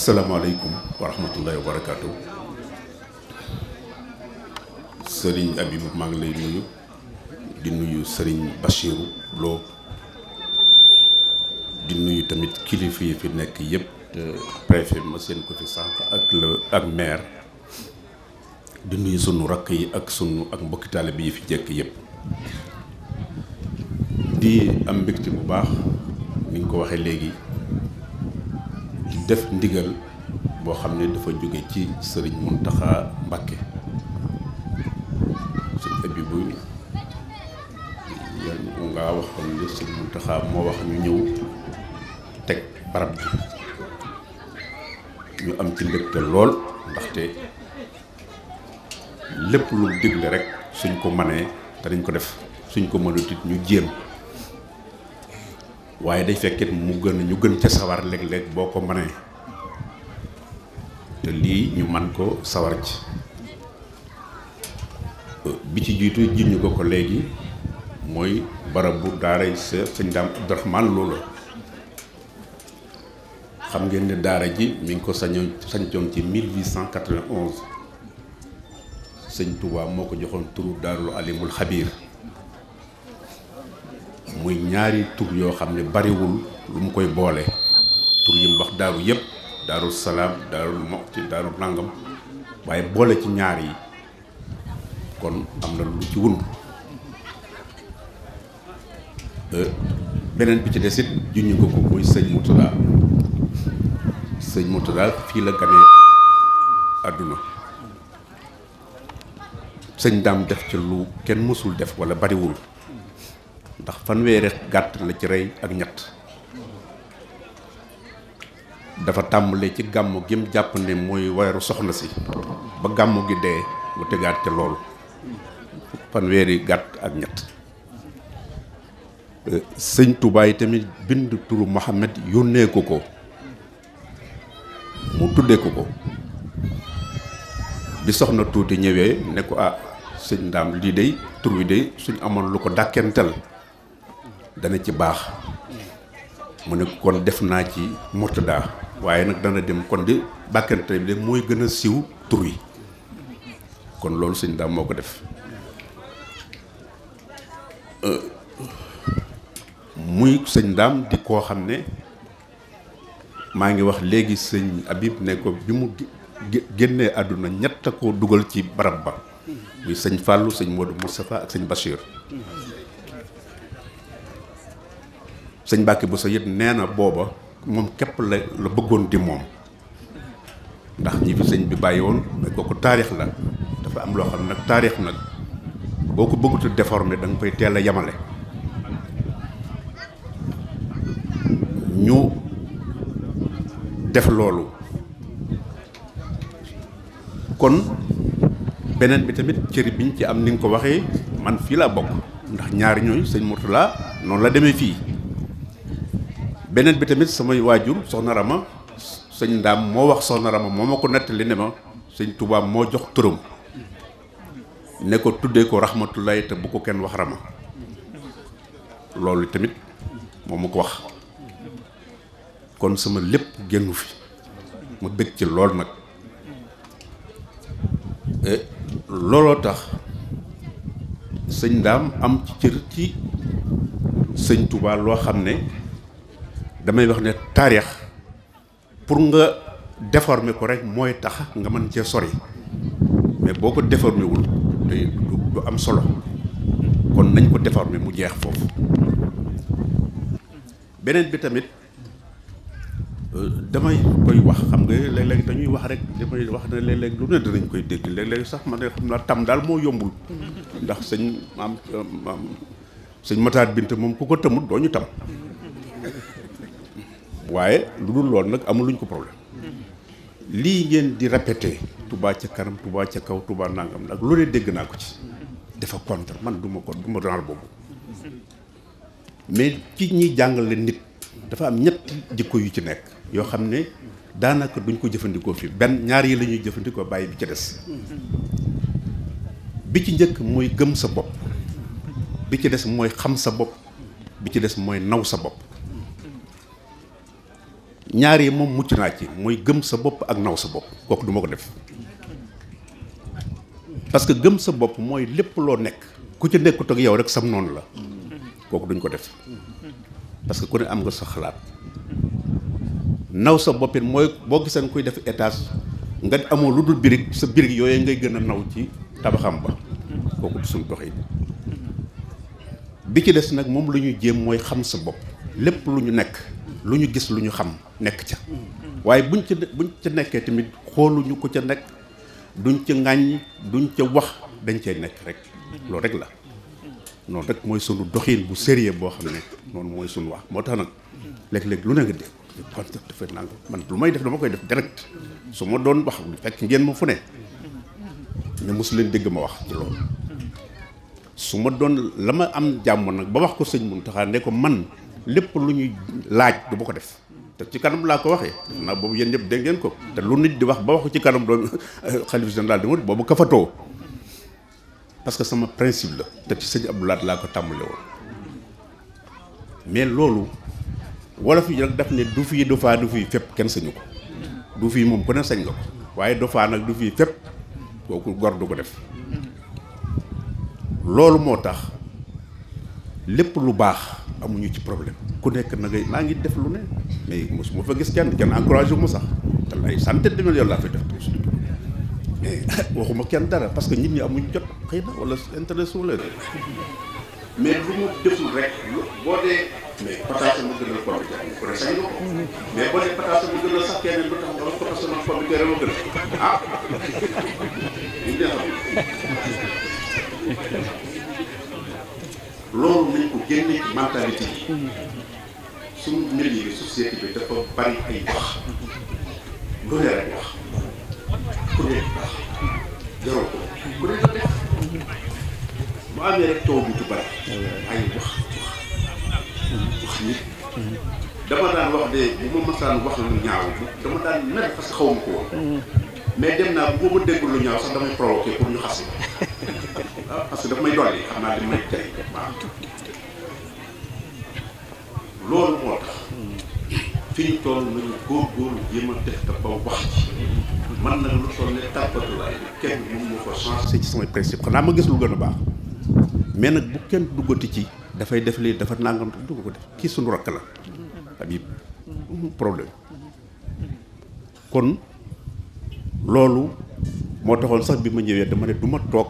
asalaamaaleykum wa rahmatullahi wa sëriñ Abibu maa ngi lay nuyu di nuyu sëriñ Bachiru Lo di nuyu tamit kilifa yi fi nekk yëpp préfet ma seen ko fi sànq ak le ak maire di nuyu sunu rakk yi ak sunu ak mbokki taalibe yi fi jekk yépp di am mbégte bu baax ni nga ko waxee léegi def ndigal boo xam ne dafa jóge ci sëriñ Muntaxa Mbàkke suñ abi bu yan ngaa waxoon ne sëriñ Muntaxa moo wax ñu ñëw teg barab bi ñu am ci mbégte lool ndaxte lépp lu digle rek suñ ko manee dañ ko def suñ ko mënut ñu jéem waaye day fekkit mu gën a ñu gën ca sawar léeg-léeg boo ko mënee te lii ñu man ko sawar ci bi ci jiitu jiit ñu ko ko léegi mooy barab bu daaray sa sëñ daam Abdourahmane Lo la xam ngeen ne daara ji mi ngi ko sañ sañcoon ci 1891 sëñ Touba moo ko joxoon turu daarul alimul xabiir muy ñaari tur yoo xam ne bariwul lu mu koy boole tur yi mu wax daaru yëpp daarul salaam daarul moxti daarul nangam waaye boole ci ñaar yi kon am na lu ci wund euh, beneen bi ci des it junñu ko ko muy sëñ Murtada sëñ Murtada fii la ganee àdduna sëñ daam def ci lu kenn mësul def wala bariwul ndax fanweeri gàtt la ci rey ak ñett dafa tàmbale ci gàmmu gim jàpp ne mooy weeru soxna si ba gàmmu gi dee mu tegaat ca loolu fanweeri gàtt ak ñett euh, sëñ Touba tamit bind turu Mohamed yónnee ko ko mu tuddee ko bi soxna tuuti ñëwee ne ko ah sëñ ndaam lii day tur wi day suñ amoon lu ko dàkkentel dana ci baax mu ne kon def naa ci murtada waaye nag dana dem kon di bàkkante bi de mooy gën a siiw tur kon loolu sëñ daam moo ko def euh, muy sëñ daam di koo xam ne maa ngi wax léegi sëñ Habib ne ko bi mu génnee àdduna ñett ko dugal ci barab ba muy sëñ Fallou sëñ Modou Moustapha ak sëñ Bachir sëñ Mbàkke Bousso yëpp nee na booba moom képp la la bëggoon di moom ndax ñi fi sëñ bi bàyyi woon mais kooku taarix la dafa am loo xam ne nag taarix nag boo ko bëggutu déformé da nga koy teel a yamale ñu def loolu kon beneen bi tamit cëri biñ ci am ni nga ko waxee man fii laa bokk ndax ñaari ñooñu sëñ Mourtala noonu la demee fii beneen bi tamit samay waajur soxna Rama sëñ ndaam moo wax soxna Rama moo ma ko nettali ne ma sëñ tubaab moo jox turam ne ko tuddee ko rahmatulahi te bu ko kenn wax Rama loolu tamit moo ma ko wax kon sama lépp génnu fi ma bëgg ci lool nag eh, looloo tax sëñ ndaam am ci cër ci sëñ Touba loo xam ne damay wax ne taarix pour nga déformer ko rek mooy tax nga mën cee sori mais boo ko déformé wul du am solo kon nañ ko déformer mu jeex foofu beneen bi tamit euh, damay koy wax xam nga léeg-léeg dañuy wax rek damay wax ne léeg-léeg lu ne danañ koy dégg léeg-léeg sax ma ne xam naa tam daal moo yombul ndax sëñ maam maam sëñ mataat bint moom ku ko tëmut doo ñu tam waaye lu dul loolu nag amul luñ ko problème lii ngeen di répété Touba ca kanam tubaa ca kaw Touba nangam nag lu ne dégg naa ko ci dafa contre man du ma ko du ma boobu mais ci ñi jàngale nit dafa am ñetti jikko yu ci nekk yoo xam ne daanaka duñ ko jëfandikoo fii benn ñaar yi la jëfandikoo bàyyi bi ca des bi ci njëkk mooy gëm sa bopp bi ci des mooy xam sa bopp bi ci des mooy naw sa bopp ñaar yi moom mucc naa ci mooy gëm sa bopp ak naw sa bopp kooku duma ko def parce que gëm sa bopp mooy lépp loo nekk ku ci nekkut ak yow rek sam noonu la kooku duñ ko def parce que ku ne am nga sa xalaat naw sa boppit mooy boo gisee koy def étage nga amoo lu dul birig sa birig yooyu ngay gën a naw ci tabaxam ba kooku du suñ doxin bi ci des nag moom lu ñuy jéem mooy xam sa bopp lépp lu ñu nekk lu ñu gis lu ñu xam nekk ca waaye buñ ca buñ ca nekkee tamit xooluñu ko ca nekk duñ ca ŋàññ duñ ca wax dañ cay nekk rek loolu rek la noonu rek mooy sunu doxin bu sérieux boo xam ne noonu mooy sunu wax moo tax nag léeg-léeg lu ne nga def kon dafa man lu may def dama koy def direct su ma doon wax lu fekk ngeen ma fu ne mais mosu leen dégg ma wax ci loolu su ma doon la ma am jàmm nag ba wax ko sëñ Muntaxa ne ko man lépp lu ñuy laaj du ma ko def te ci kanam laa ko waxee def naa boobu yéen ñëpp dégg ngeen ko te lu nit di wax ba waxu ci kanam doomu euh, xalif général di murit boobu kafatoo parce que sama principe la te ci sëñ Abdou Lahad laa ko tàmbale woon mais loolu wolof yi nag daf ne du fii du faa du fii fépp kenn sañu ko du fii moom ku ne sañ nga ko waaye du faa nag du fii fépp kooku gor du ko def loolu moo tax lépp lu baax amuñu ci problème ku nekk na ngay maa ngi def lu ne mais mosuma fa gis kenn kenn encouragé wu ma sax te ay centaine de millions laa fay def tuuti mais waxuma kenn dara parce que nit ñi amuñu jot xëy na wala intéressé mais lu mu pataasa ma gën a pomme de ko dee sax keneen lu tax ma pomme de terre ma gën loolu nañ ko génne ci mentalité su suñu milieu bi société bi dafa bari ay wax lu ne wax ku ne wax jarul ko ku amee rek taw bi du bari ay wax wax wax nit dama daan wax de bu ma masaan wax lu ñaaw dama daan mer parce que xaw ma ko woon mm. mais dem naa bu ma déggul lu ñaaw sax damay provoqué pour ñu xas parce que daf may dolli xam naa daf may tey loolu moo tax fi ñu toll nañu góorgóorlu jéem a def te wax man nag lu toll ne tàppatu laay kenn moom moo ko changé ci samay principe xanaa ma gis lu gën a baax mais nag bu kenn duggati ci dafay def lii dafa nangam du ko def kii suñu rakk la Habib problème kon loolu moo taxoon sax bi ma ñëwee dama ne du toog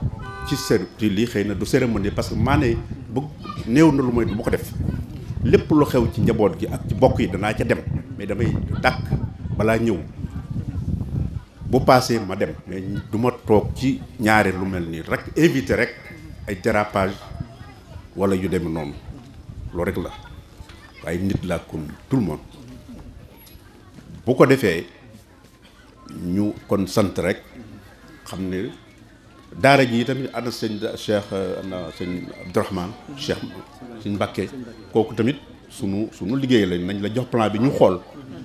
ci seen ci lii xëy na du cérémonie parce que maanaam bu néew na lu mooy bu ko def lépp lu xew ci njaboot gi ak ci bokk yi danaa ca dem mais damay dàkk balaa ñëw bu paasee ma dem mais du toog ci ñaari lu mel nii rek éviter rek ay dérapage walla yu deme noonu loolu rek la waaye nit laa comme tout le monde bu ko defee ñu kon sant rek xam ne. daara ji tamit ànd sëñ Cheikh na sëñ Abdourahmane Cheikh sëñ kooku tamit sunu sunu liggéey lañ nañ la jox plan bi ñu xool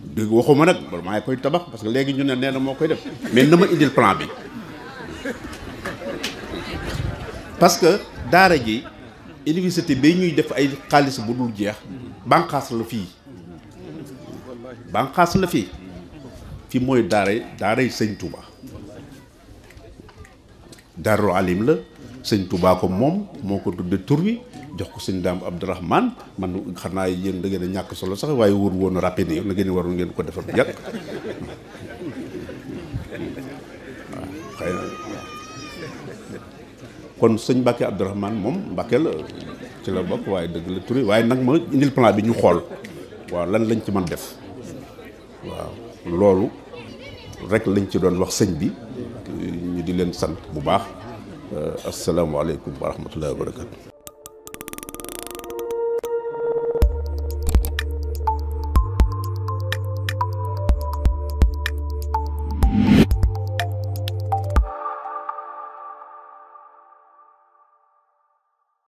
dégg waxuma nag maa ngi koy tabax parce que léegi ñu ne nee na moo koy def mais na ma indil plan bi parce que daara ji université bi ñuy def ay xaalis bu dul jeex banqaas la fii banqaas la fii fi mooy daara daara yi sëñ Touba daarul alim la sëñ Touba ko moom moo ko tudde tur bi jox ko sëñ daam Abdourahman man xam naa yéen da ngeen a ñàkk solo sax waaye wóor woon rapide yi na ngeen waroon ngeen ko defal bu yàgg waaw xëy na kon sëñ Mbacke Abdourahman moom Mbacke la ci la waaye dëgg la waaye nag ma indil plan bi ñu xool waaw lan lañ ci mën def waaw loolu rek lañ ci doon lox sëñ bi leen sant bu baax euh, asalaamaaleykum wa rahmatullahi wa barakatu